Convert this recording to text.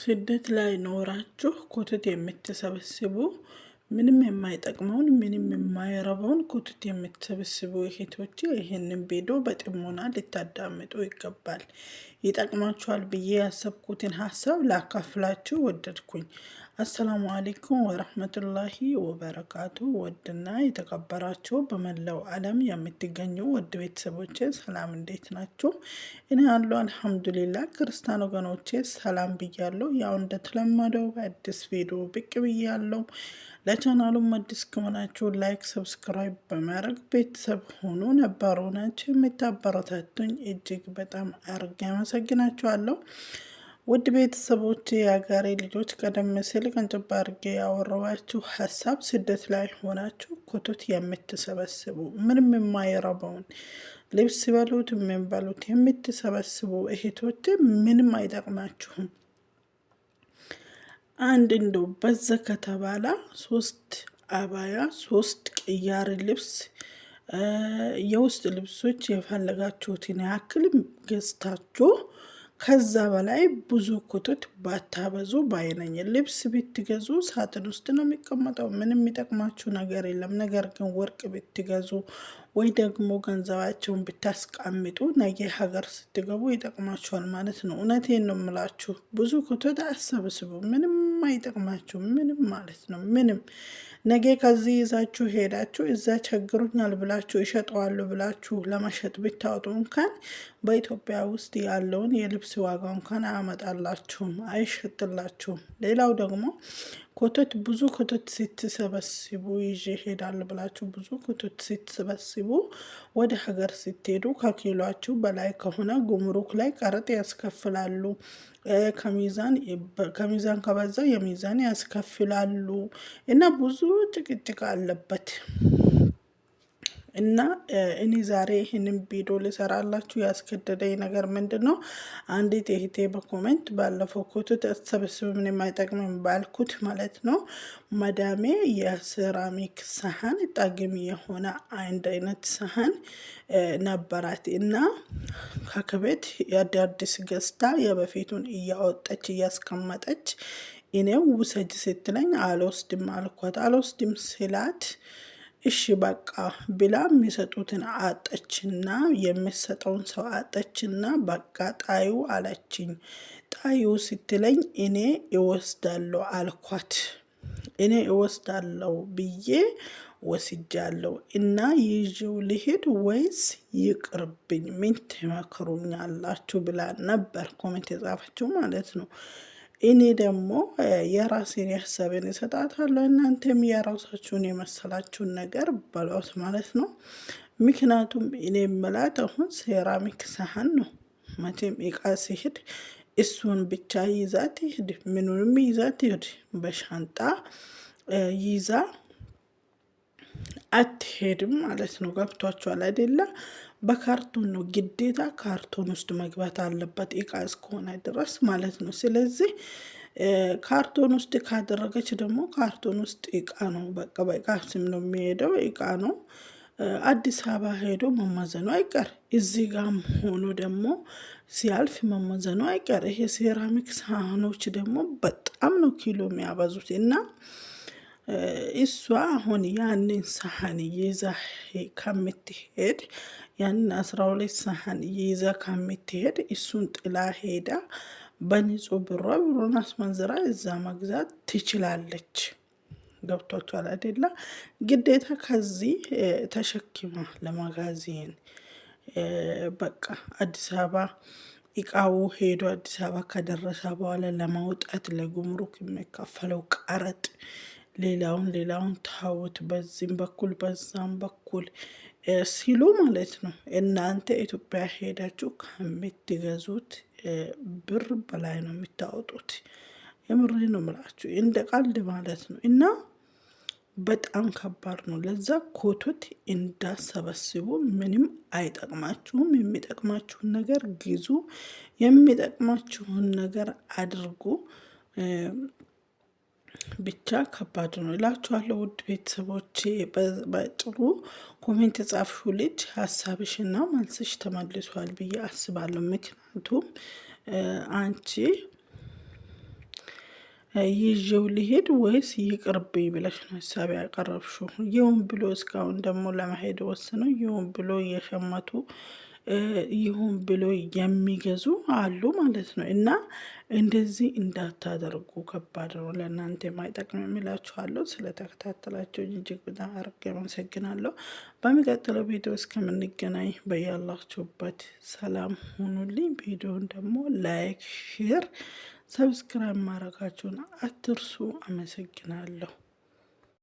ስደት ላይ ኖራችሁ ኩትት የምትሰበስቡ ምንም የማይጠቅመውን ምንም የማይረበውን ኩትት የምትሰበስቡ እህቶች ይህንን ቪዲዮ በጥሞና ልታዳምጡ ይገባል። ይጠቅማችኋል ብዬ ያሰብኩትን ሀሳብ ላካፍላችሁ ወደድኩኝ። አሰላሙ አሌይኩም ወረህመቱላሂ ወበረካቱ። ውድና የተከበራችሁ በመላው ዓለም የምትገኙ ውድ ቤተሰቦቼ ሰላም፣ እንዴት ናችሁ? እኔ ያሉ አልሐምዱሊላ። ክርስቲያን ወገኖቼ ሰላም ብያለሁ። ያው እንደተለመደው በአዲስ ቪዲዮ ብቅ ብያለሁ። ለቻናሉም አዲስ ከሆናችሁ ላይክ፣ ሰብስክራይብ በማድረግ ቤተሰብ ሆኑ። ነባር ናቸው የምታበረታቱኝ እጅግ በጣም አድርጌ አመሰግናችኋለሁ። ውድ ቤተሰቦች የአገሬ ልጆች ቀደም ሲል ቅንጭብ አድርጌ ያወረባችሁ ሀሳብ ስደት ላይ ሆናችሁ ኮቶት የምትሰበስቡ ምንም የማይረበውን ልብስ በሉት ምን በሉት የምትሰበስቡ እህቶች ምንም አይጠቅማችሁም። አንድ እንዶ በዘ ከተባላ ሶስት አባያ ሶስት ቅያር ልብስ የውስጥ ልብሶች የፈለጋችሁትን ያክል ገዝታችሁ ከዛ በላይ ብዙ ኩትት ባታበዙ ባይነኝ። ልብስ ብትገዙ ሳጥን ውስጥ ነው የሚቀመጠው። ምንም የሚጠቅማችሁ ነገር የለም። ነገር ግን ወርቅ ብትገዙ ወይ ደግሞ ገንዘባቸውን ብታስቀምጡ ነገ ሀገር ስትገቡ ይጠቅማችኋል ማለት ነው። እውነቴን ነው የምላችሁ። ብዙ ክቶት አሰብስቡ፣ ምንም አይጠቅማችሁ ምንም ማለት ነው። ምንም ነገ ከዚህ ይዛችሁ ሄዳችሁ እዛ ቸግሩኛል ብላችሁ ይሸጠዋሉ ብላችሁ ለመሸጥ ብታወጡ እንኳን በኢትዮጵያ ውስጥ ያለውን የልብስ ዋጋ እንኳን አያመጣላችሁም፣ አይሸጥላችሁም። ሌላው ደግሞ ኮተት ብዙ ኮተት ስትሰበስቡ ይዤ ሄዳል ብላችሁ ብዙ ኮተት ስትሰበስቡ ወደ ሀገር ስትሄዱ ከኪሏችሁ በላይ ከሆነ ጉምሩክ ላይ ቀረጥ ያስከፍላሉ። ከሚዛን ከሚዛን ከበዛ የሚዛን ያስከፍላሉ እና ብዙ ጭቅጭቅ አለበት። እና እኔ ዛሬ ይህንን ቪዲዮ ልሰራላችሁ ያስገደደኝ ነገር ምንድን ነው? አንዲት እህቴ በኮሜንት ባለፈው ተሰብስብ ምን የማይጠቅምም ባልኩት ማለት ነው መዳሜ የሴራሚክ ሳህን ጣግም የሆነ አንድ አይነት ሳህን ነበራት እና ከክቤት የአዳዲስ ገዝታ የበፊቱን እያወጠች እያስቀመጠች እኔው ውሰጅ ስትለኝ አልወስድም አልኳት። አልወስድም ስላት እሺ በቃ ብላ የሚሰጡትን አጠችና የምሰጠውን ሰው አጠችና በቃ ጣዩ አለችኝ። ጣዩ ስትለኝ እኔ እወስዳለሁ አልኳት። እኔ እወስዳለሁ ብዬ ወስጃለሁ እና ይዤው ልሂድ ወይስ ይቅርብኝ? ምን ትመክሩኛላችሁ ብላ ነበር ኮሜንት የጻፈችው ማለት ነው። እኔ ደግሞ የራሴን የሀሳቤን እሰጣታለሁ፣ እናንተም የራሳችሁን የመሰላችሁን ነገር በሏት ማለት ነው። ምክንያቱም እኔ የምላት አሁን ሴራሚክ ሳህን ነው። መቼም እቃ ሲሄድ እሱን ብቻ ይዛት ይሄድ፣ ምኑንም ይዛት ይሄድ፣ በሻንጣ ይዛ አትሄድም ማለት ነው። ገብቷችኋል አይደለ? በካርቶን ነው ግዴታ፣ ካርቶን ውስጥ መግባት አለበት እቃ እስከሆነ ድረስ ማለት ነው። ስለዚህ ካርቶን ውስጥ ካደረገች ደግሞ ካርቶን ውስጥ እቃ ነው፣ በቃ በእቃ ስም ነው የሚሄደው፣ እቃ ነው። አዲስ አበባ ሄዶ መመዘኑ አይቀር፣ እዚህ ጋም ሆኖ ደግሞ ሲያልፍ መመዘኑ አይቀር። ይሄ ሴራሚክ ሳህኖች ደግሞ በጣም ነው ኪሎ የሚያበዙት እና እሷ አሁን ያንን ሳህን ይዛ ከምትሄድ ያንን አስራ ሁለት ሳህን ይዛ ከምትሄድ እሱን ጥላ ሄዳ በንጹህ ብሯ ብሩን አስመንዝራ እዛ መግዛት ትችላለች። ገብቷችኋል አይደለ? ግዴታ ከዚህ ተሸክማ ለማጋዚን በቃ አዲስ አበባ እቃው ሄዶ አዲስ አበባ ከደረሰ በኋላ ለማውጣት ለጉምሩክ የሚከፈለው ቀረጥ ሌላውን ሌላውን ታወት በዚህም በኩል በዛም በኩል ሲሉ ማለት ነው። እናንተ ኢትዮጵያ ሄዳችሁ ከምትገዙት ብር በላይ ነው የሚታወጡት። የምር ነው ምላችሁ፣ እንደ ቀልድ ማለት ነው። እና በጣም ከባድ ነው። ለዛ ኮቶት እንዳሰበስቡ ምንም አይጠቅማችሁም። የሚጠቅማችሁን ነገር ግዙ፣ የሚጠቅማችሁን ነገር አድርጉ። ብቻ ከባድ ነው እላችኋለሁ። ውድ ቤተሰቦች በጥሩ ኮሜንት የጻፍሽው ልጅ ሀሳብሽና መልስሽ ተመልሷል ብዬ አስባለሁ። ምክንያቱም አንቺ ይዤው ሊሄድ ወይስ ይቅርብኝ ብለሽ ነው ሀሳብ ያቀረብሽው። ይሁን ብሎ እስካሁን ደግሞ ለመሄድ ወስነው ይሁን ብሎ እየሸመቱ ይሁን ብሎ የሚገዙ አሉ ማለት ነው። እና እንደዚህ እንዳታደርጉ ከባድ ነው፣ ለእናንተ የማይጠቅም የሚላችኋለሁ። ስለተከታተላቸው እጅግ በጣም አድርጌ አመሰግናለሁ። በሚቀጥለው ቪዲዮ እስከምንገናኝ በያላችሁበት ሰላም ሁኑልኝ። ቪዲዮን ደግሞ ላይክ፣ ሼር፣ ሰብስክራይብ ማድረጋችሁን አትርሱ። አመሰግናለሁ።